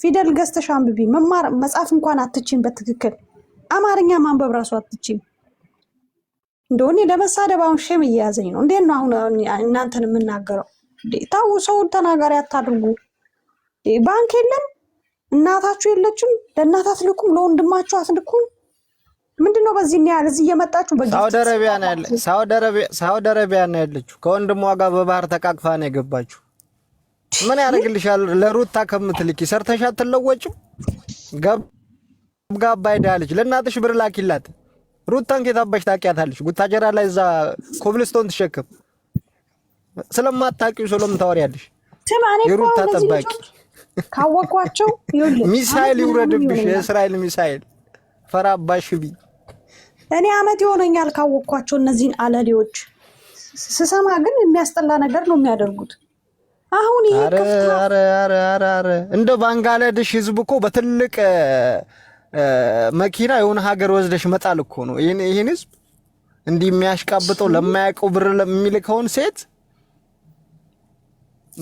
ፊደል ገዝተሽ አንብቢ። መማር መጻፍ እንኳን አትችም በትክክል አማርኛ ማንበብ ራሱ አትችም። እንደሆነ ለመሳደብ አሁን ሼም እየያዘኝ ነው። እንዴት ነው አሁን እናንተን የምናገረው? ታው ሰውን ተናጋሪ አታድርጉ። ባንክ የለም እናታችሁ የለችም። ለእናት አትልኩም፣ ለወንድማችሁ አትልኩም። ምንድን ነው በዚህ ያህል እዚህ እየመጣችሁ ሳውዲ አረቢያ ነው ያለችው። ከወንድሟ ጋር በባህር ተቃቅፋ ነው የገባችሁ። ምን ያደርግልሻል? ለሩታ ከምትልኪ ሰርተሽ አትለወጭም። ገብጋባ አይዳለች። ለእናትሽ ብር ላኪላት። ሩታን ከታባሽ ታውቂያታለሽ። ጉታጀራ ላይ እዛ ኮብልስቶን ትሸክም። ስለማታውቂው ስለምታወሪያለሽ የሩታ ጠባቂ ካወቋቸው ሚሳይል ይውረድብሽ። የእስራኤል ሚሳይል ፈራባሽ ቢ እኔ አመት ይሆነኛል ካወቅኳቸው እነዚህን አለሌዎች ስሰማ ግን የሚያስጠላ ነገር ነው የሚያደርጉት። አሁን ይሄ እንደ ባንጋላዴሽ ህዝብ እኮ በትልቅ መኪና የሆነ ሀገር ወስደሽ መጣል እኮ ነው። ይህን ይህን ህዝብ እንዲህ የሚያሽቃብጠው ለማያውቀው ብር የሚልከውን ሴት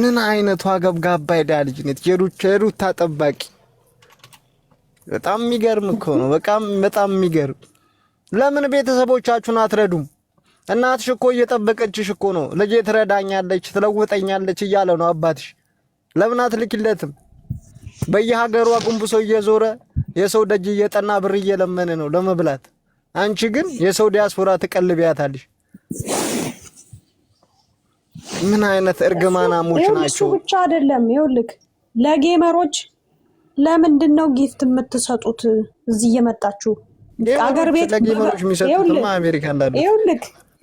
ምን አይነቱ ገብጋባ ዳ ልጅ ነች! የሩታ ጠባቂ በጣም የሚገርም እኮ ነው። በጣም በጣም የሚገርም ለምን ቤተሰቦቻችሁን አትረዱም? እናትሽ እኮ እየጠበቀችሽ እኮ ነው። ልጄ ትረዳኛለች፣ ትለውጠኛለች እያለ ነው አባትሽ። ለምን አትልኪለትም? በየሀገሩ አቁንብሶ እየዞረ የሰው ደጅ እየጠና ብር እየለመነ ነው ለመብላት። አንቺ ግን የሰው ዲያስፖራ ትቀልቢያታለሽ። ምን አይነት እርግማና ሙች ናቸው! ብቻ አይደለም ይኸውልህ፣ ለጌመሮች ለምንድን ነው ጊፍት የምትሰጡት? እዚህ እየመጣችሁ አገር ቤት ለጌመሮች የሚሰጡት አሜሪካ እንዳለ ይኸውልህ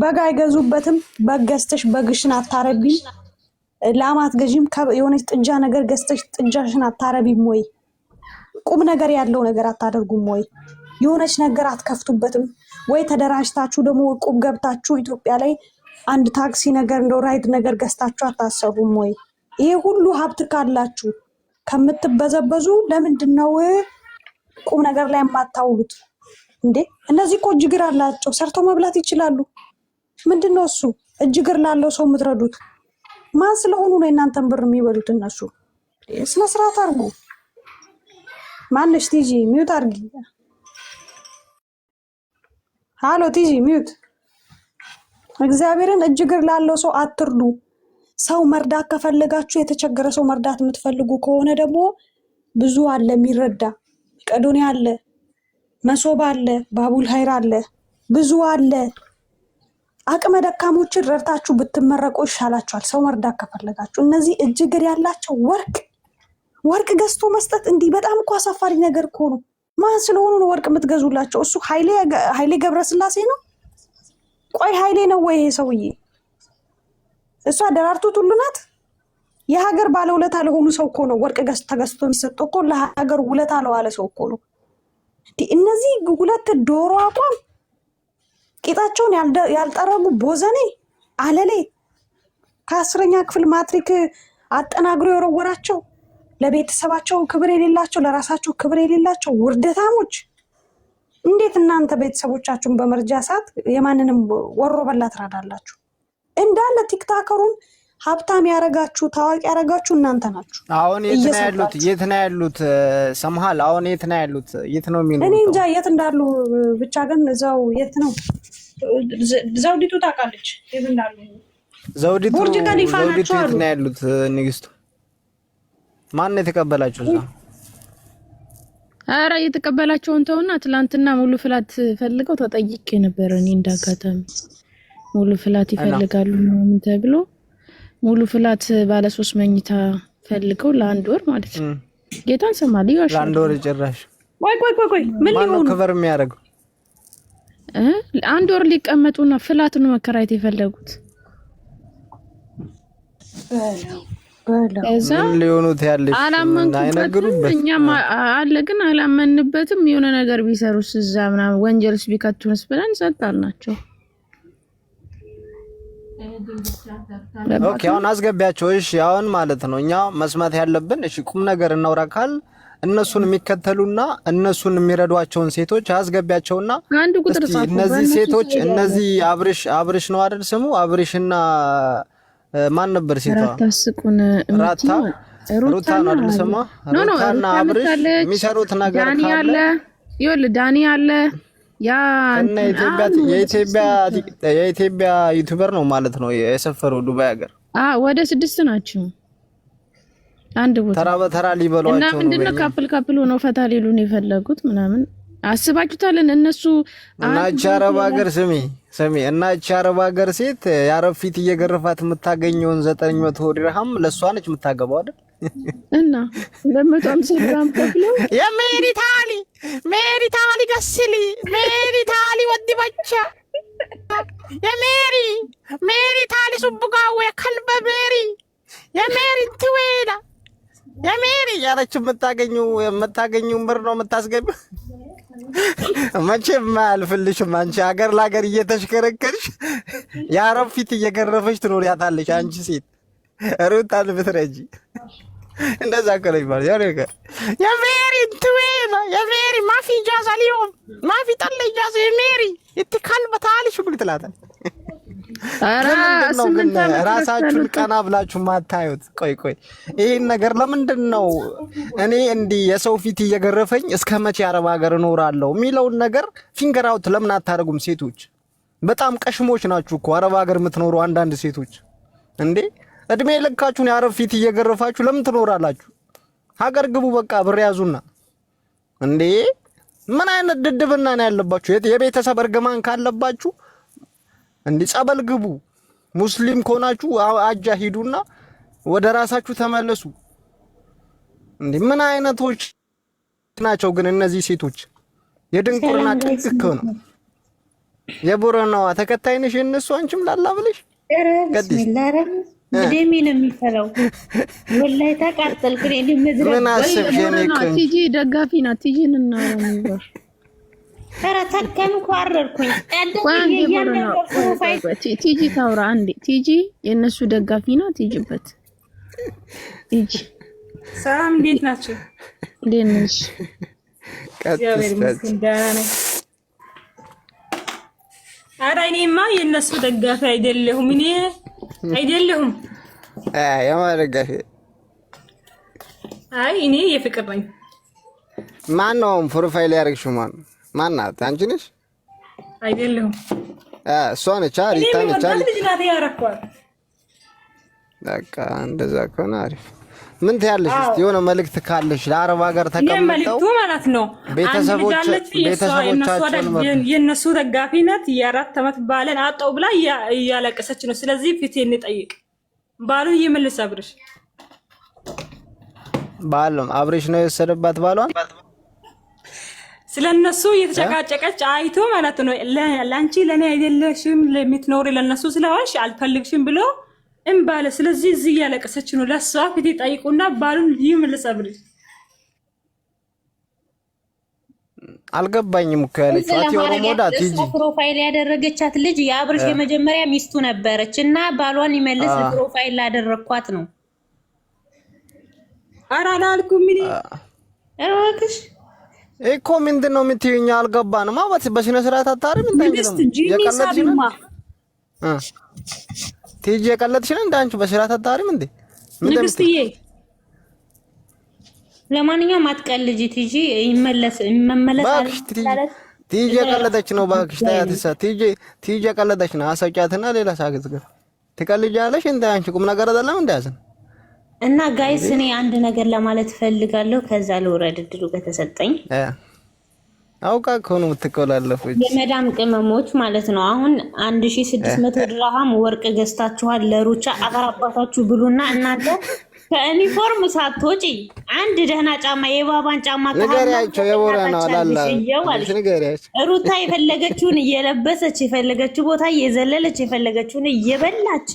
በግ አይገዙበትም። በግ ገዝተሽ በግሽን አታረቢም? ላም አትገዢም? የሆነች ጥጃ ነገር ገዝተሽ ጥጃሽን አታረቢም ወይ? ቁም ነገር ያለው ነገር አታደርጉም ወይ? የሆነች ነገር አትከፍቱበትም ወይ? ተደራጅታችሁ ደግሞ እቁብ ገብታችሁ ኢትዮጵያ ላይ አንድ ታክሲ ነገር እንደው ራይድ ነገር ገዝታችሁ አታሰሩም ወይ? ይሄ ሁሉ ሀብት ካላችሁ ከምትበዘበዙ ለምንድን ነው ቁም ነገር ላይ የማታውሉት እንዴ? እነዚህ እኮ እጅግር አላቸው፣ ሰርተው መብላት ይችላሉ። ምንድን ነው እሱ? እጅ እግር ላለው ሰው የምትረዱት ማን ስለሆኑ ነው የእናንተን ብር የሚበሉት እነሱ? ስነ ስርዓት አድርጉ። ማነሽ? ቲጂ ሚዩት አርጊ። ሀሎ ቲጂ ሚዩት። እግዚአብሔርን እጅ እግር ላለው ሰው አትርዱ። ሰው መርዳት ከፈለጋችሁ የተቸገረ ሰው መርዳት የምትፈልጉ ከሆነ ደግሞ ብዙ አለ የሚረዳ ቀዶኔ አለ፣ መሶብ አለ፣ ባቡል ሀይር አለ፣ ብዙ አለ። አቅመ ደካሞችን ረድታችሁ ብትመረቁ ይሻላችኋል። ሰው መርዳት ከፈለጋችሁ እነዚህ እጅ እግር ያላቸው ወርቅ ወርቅ ገዝቶ መስጠት እንዲህ በጣም እኮ አሳፋሪ ነገር እኮ ነው። ማን ስለሆኑ ነው ወርቅ የምትገዙላቸው? እሱ ኃይሌ ገብረስላሴ ነው? ቆይ ኃይሌ ነው ወይ ይሄ ሰውዬ? እሷ ደራርቱ ቱሉ ናት። የሀገር ባለውለታ ለሆኑ ሰው እኮ ነው ወርቅ ተገዝቶ የሚሰጠው እኮ ለሀገር ውለታ ለዋለ ሰው እኮ ነው። እነዚህ ሁለት ዶሮ አቋም ቂጣቸውን ያልጠረጉ ቦዘኔ አለሌ ከአስረኛ ክፍል ማትሪክ አጠናግሮ የወረወራቸው ለቤተሰባቸው ክብር የሌላቸው ለራሳቸው ክብር የሌላቸው ውርደታሞች እንዴት እናንተ ቤተሰቦቻችሁን በመርጃ ሰዓት የማንንም ወሮ በላ ትራዳላችሁ? እንዳለ ቲክታከሩን ሀብታም ያረጋችሁ ታዋቂ ያረጋችሁ እናንተ ናችሁ። አሁን የት ነው ያሉት? የት ነው ያሉት? ሰምሃል? አሁን የት ነው ያሉት? የት ነው የሚኖሩ? እኔ እንጃ የት እንዳሉ ብቻ ግን እዛው የት ነው ዘውዲቱ ታውቃለች የት እንዳሉ። ዘውዲቱ ዘውዲቱ የት ነው ያሉት? ንግስቱ ማን ነው የተቀበላችሁ እዛ? ኧረ የተቀበላቸውን ተውና፣ ትላንትና ሙሉ ፍላት ፈልገው ተጠይቄ ነበር እኔ እንዳጋጣሚ ሙሉ ፍላት ይፈልጋሉ ምናምን ተብሎ ሙሉ ፍላት ባለ ሶስት መኝታ ፈልገው ለአንድ ወር ማለት ነው። ጌታን ሰማ ይዋሽ ለአንድ ወር ጭራሽ ቆይ ቆይ ቆይ ቆይ ምን ሊሆኑ ከበር የሚያደርገው አንድ ወር ሊቀመጡና ፍላት ነው መከራየት የፈለጉት። ሊሆኑት ያለሽ አላመንኩበትም። እኛም አለ ግን አላመንበትም። የሆነ ነገር ቢሰሩስ እዛ ምናምን ወንጀልስ ቢከቱንስ ብለን ሰጣል ናቸው ኦኬ አሁን አስገቢያቸው። እሺ አሁን ማለት ነው እኛ መስማት ያለብን እሺ፣ ቁም ነገር እናውራ ካል እነሱን የሚከተሉና እነሱን የሚረዷቸውን ሴቶች አስገቢያቸውና አንድ ቁጥር እነዚህ ሴቶች እነዚህ አብርሽ አብርሽ ነው አይደል ስሙ አብርሽና ማን ነበር ሴቷ? ራታ ሩታ ነው አይደል ስሟ? ሩታና አብርሽ የሚሰሩት ነገር ካለ ዳኒ አለ ይወል ዳኒ አለ የኢትዮጵያ ዩቱበር ነው ማለት ነው። የሰፈረው ዱባይ ሀገር ወደ ስድስት ናቸው። አንድ ቦታ ተራ በተራ ሊበሏቸው እና ምንድን ነው ካፕል ካፕል ሆነው ፈታ ሊሉን የፈለጉት ምናምን አስባችሁታለን እነሱ እና እቺ አረብ ሀገር ስሚ ስሚ እና እቺ አረብ ሀገር ሴት የአረብ ፊት እየገረፋት የምታገኘውን ዘጠኝ መቶ ዲርሃም ለእሷ ነች የምታገባው አይደል? እና ለመቶ አምሳ ግራም ከፍለው የሜሪታሊ ሜሪታሊ ገስሊ ሜሪታሊ ወዲበቻ የሜሪ ሜሪታሊ ከልበ ሜሪ የሜሪ ትዌላ የሜሪ ያለችው የምታገኙ የምታገኙ ምር ነው የምታስገቢ። መቼም አያልፍልሽም። አንቺ ሀገር ለሀገር እየተሽከረከርሽ የአረብ ፊት እየገረፈች ትኖሪያታለች አንቺ ሴት ሩታን ብትረጂ እንደዛ ከለ የሜሪ ትዌባ የሜሪ ማፊ ጃዛ ሊዮም ማፊ ጠለ ጃዛ የሜሪ እትካል በታል ሽጉል ትላታል። አራ ራሳችሁን ቀና ብላችሁ ማታዩት? ቆይ ቆይ ይህን ነገር ለምንድን ነው እኔ እንዲህ የሰው ፊት እየገረፈኝ እስከ መቼ አረብ ሀገር እኖራለሁ የሚለውን ነገር ፊንገር አውት ለምን አታደርጉም? ሴቶች በጣም ቀሽሞች ናችሁ እኮ አረብ ሀገር የምትኖሩ አንዳንድ ሴቶች እንዴ እድሜ ልካችሁን የአረብ ፊት እየገረፋችሁ ለምን ትኖራላችሁ? ሀገር ግቡ። በቃ ብር ያዙና። እንዴ ምን አይነት ድድብና ነው ያለባችሁ? የቤተሰብ እርግማን ካለባችሁ እንዲ ጸበል ግቡ። ሙስሊም ከሆናችሁ አጃ ሂዱና ወደ ራሳችሁ ተመለሱ። እንዴ ምን አይነቶች ናቸው ግን እነዚህ ሴቶች? የድንቁርና ጥቅክ ነው። የቡረናዋ ተከታይ ነሽ የእነሱ አንቺም ላላ ብለሽ ደሜ ነው የሚፈለው። ወላይ ተቃጠልኩ። እኔ ምድረ ቲጂ ደጋፊ ናት። ቲጂን እናወራ ኧረ አረርኩኝ። ቲጂ ታውራ አንዴ። ቲጂ የእነሱ ደጋፊ ናት። ቲጂ ሰላም፣ እንዴት ናቸው? እንዴት ነሽ? እኔማ የእነሱ ደጋፊ አይደለሁም እኔ አይደለሁም። የማደጋፊ አይ እኔ የፍቅር ነኝ። ማን ነው ፕሮፋይል ማን ማን ናት? አንቺ ነሽ? አይደለሁም። እሷ ነች። ሪታ ነች። ልጅ ናት በቃ እንደዛ ከሆነ አሪፍ ምን ትያለሽ? እስቲ የሆነ መልእክት ካለሽ ለአረብ ሀገር ተቀምጠው ማለት ነው ቤተሰቦቻችን የእነሱ ደጋፊነት የአራት ዓመት ባለን አጣው ብላ እያለቀሰች ነው። ስለዚህ ፊት እንጠይቅ ባሉ ይመልስ። አብርሽ ባለም አብርሽ ነው የወሰደባት ባሏን ስለነሱ እየተጨቃጨቀች አይቶ ማለት ነው። ለአንቺ ለእኔ አይደለሽም ለምትኖሪ ለነሱ ስለሆንሽ አልፈልግሽም ብሎ እምባለ ስለዚህ እዚህ እያለቀሰች ነው። ለሷ ፊት ጠይቁና ባሉን ይመልሳብል። አልገባኝም እኮ ያለቻት የኦሮሞዳት ፕሮፋይል ያደረገቻት ልጅ የአብርሽ የመጀመሪያ ሚስቱ ነበረች እና ባሏን ይመልስ ፕሮፋይል ላደረግኳት ነው። ኧረ አላልኩም እባክሽ እኮ ምንድን ነው የምትይኝ? አልገባንም። በስነ ስርዓት አታሪም ነው የቀለድሽ ነው ቲጂ የቀለጥሽ ነው እንደ አንቺ በስራት አታሪም እንዴ ንግስትዬ? ለማንኛውም አትቀልጂ ቲጂ። ይመለስ ይመለስ አለ ቲጂ የቀለጠች ነው ባክሽ። ታያትሳ ቲጂ ቲጂ የቀለጠች ነው። አሰጫትና ሌላ ሳግዝገር ትቀልጃለሽ እንደ አንቺ ቁም ነገር አይደለም እንደ እና ጋይስ፣ እኔ አንድ ነገር ለማለት ፈልጋለሁ። ከዛ ልውረድ እድሉ ከተሰጠኝ አውቃ ከሆኑ የምትቆላለፈች የመዳም ቅመሞች ማለት ነው። አሁን አንድ ሺ ስድስት መቶ ድራሃም ወርቅ ገዝታችኋል ለሩቻ አባታችሁ ብሉና እናንተ ከዩኒፎርም ሳትወጪ አንድ ደህና ጫማ የባባን ጫማ ንገሪያቸው። የቦራ ነው አላላ ሩታ የፈለገችውን እየለበሰች የፈለገችው ቦታ እየዘለለች የፈለገችውን እየበላች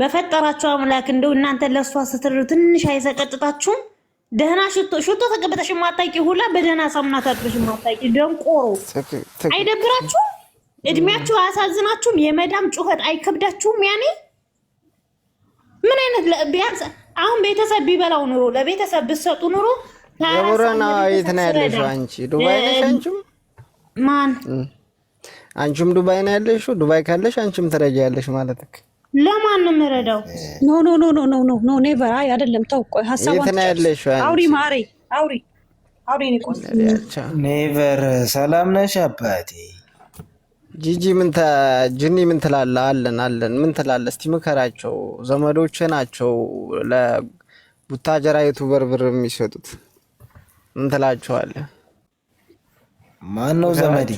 በፈጠራቸው አምላክ እንደው እናንተ ለእሷ ስትሉ ትንሽ አይሰቀጥጣችሁም? ደህና ሽቶ ሽቶ ተቀብተሽ የማታውቂ ሁላ በደህና ሳሙና ታጥበሽ የማታውቂ ደንቆሮ፣ አይደብራችሁም? እድሜያችሁ አያሳዝናችሁም? የመዳም ጩኸት አይከብዳችሁም? ያኔ ምን አይነት ቢያንስ አሁን ቤተሰብ ቢበላው ኑሮ ለቤተሰብ ብትሰጡ ኑሮ የቡረና የት ነው ያለሽው? አንቺ ዱባይ ነሽ? አንቺም ማን አንቺም ዱባይ ነው ያለሽው? ዱባይ ካለሽ አንቺም ትረጃ ያለሽ ማለት ነው ለማን ነው የምረዳው? ኖ ኖ ኖ ኖ ኖ ኖ ኖ ኔቨር። አይ አይደለም፣ ተው ቆይ፣ ሀሳቧን አውሪ ማሬ፣ አውሪ አውሪ። እኔ ቆይ ኔቨር። ሰላም ነሽ አባቴ? ጂጂ ምን ጅኒ ምን ትላለህ? አለን አለን። ምን ትላለህ? እስቲ ምከራቸው። ዘመዶች ናቸው ለቡታጀራ የቱ በርብር የሚሰጡት ምን ትላቸዋለህ? ማን ነው ዘመዴ?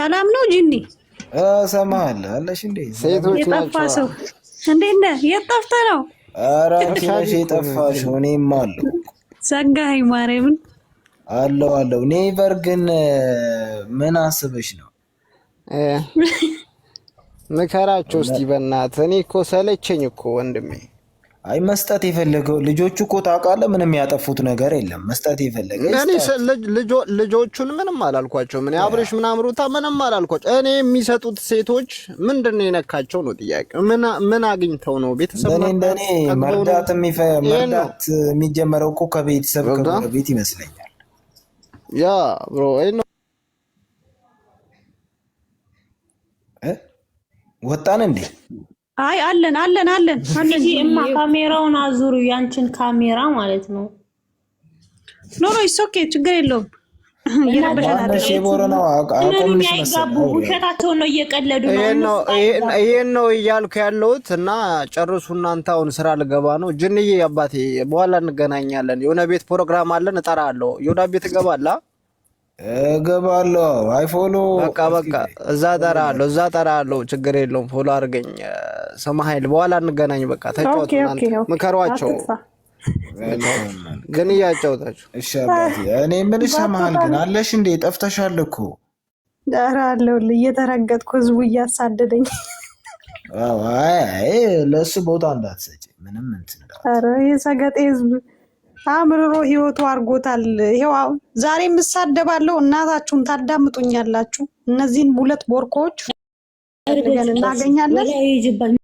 ሰላም ነው ጂኒ እሰማለሁ አለሽ እንዴ? ሴቶች የጠፋ ሰው እንዴት ነህ? የት ጠፍተህ ነው? ኧረ አንቺ እኔም ዘጋኸኝ። ማርያምን አለው አለው። ኔቨር ግን ምን አስበሽ ነው? ምከራቸው እስቲ በእናትህ። እኔ እኮ ሰለቸኝ እኮ ወንድሜ አይ መስጠት የፈለገው ልጆቹ እኮ ታውቃለህ፣ ምንም ያጠፉት ነገር የለም። መስጠት የፈለገ ልጆቹን ምንም አላልኳቸው። ምን አብሬሽ ምናምን ሩታ ምንም አላልኳቸው። እኔ የሚሰጡት ሴቶች ምንድን ነው የነካቸው ነው ጥያቄ። ምን አግኝተው ነው ቤተሰብ? እንደኔ መርዳት የሚጀመረው እኮ ከቤተሰብ ከቤት ይመስለኛል። ያ ብሮ ወጣን እንዴ አይ አለን አለን አለን። አንቺ እማ ካሜራውን አዙሩ፣ ያንቺን ካሜራ ማለት ነው። ኖሮ ይሶኬ ችግር የለውም። ውሸታቸውን ነው እየቀለዱ ነው። ይሄን ነው እያልኩ ያለሁት እና ጨርሱ እናንተ። አሁን ስራ ልገባ ነው። ጅንዬ አባቴ፣ በኋላ እንገናኛለን። የሆነ ቤት ፕሮግራም አለን፣ እጠራለሁ። የሆነ ቤት እገባላ እገባለሁ። አይ ፎሎ በቃ በቃ፣ እዛ ጠራለሁ፣ እዛ ጠራለሁ። ችግር የለውም። ፎሎ አድርገኝ። ስማ ኃይል፣ በኋላ እንገናኝ። በቃ ተጫወቱ፣ ምከሯቸው፣ ግን እያጫወታችሁ። እኔ ምን ይሰማሃል ግን አለሽ እንዴ? ጠፍተሻል እኮ እጠራለሁልህ። እየተረገጥኩ ህዝቡ እያሳደደኝ። ለእሱ ቦታ እንዳትሰጪ ምንም እንትን። ኧረ የሰገጤ ህዝብ አምርሮ ህይወቱ አድርጎታል። ይሄው ዛሬ የምሳደባለው እናታችሁን ታዳምጡኛላችሁ። እነዚህን ሁለት ቦርኮዎች እናገኛለን።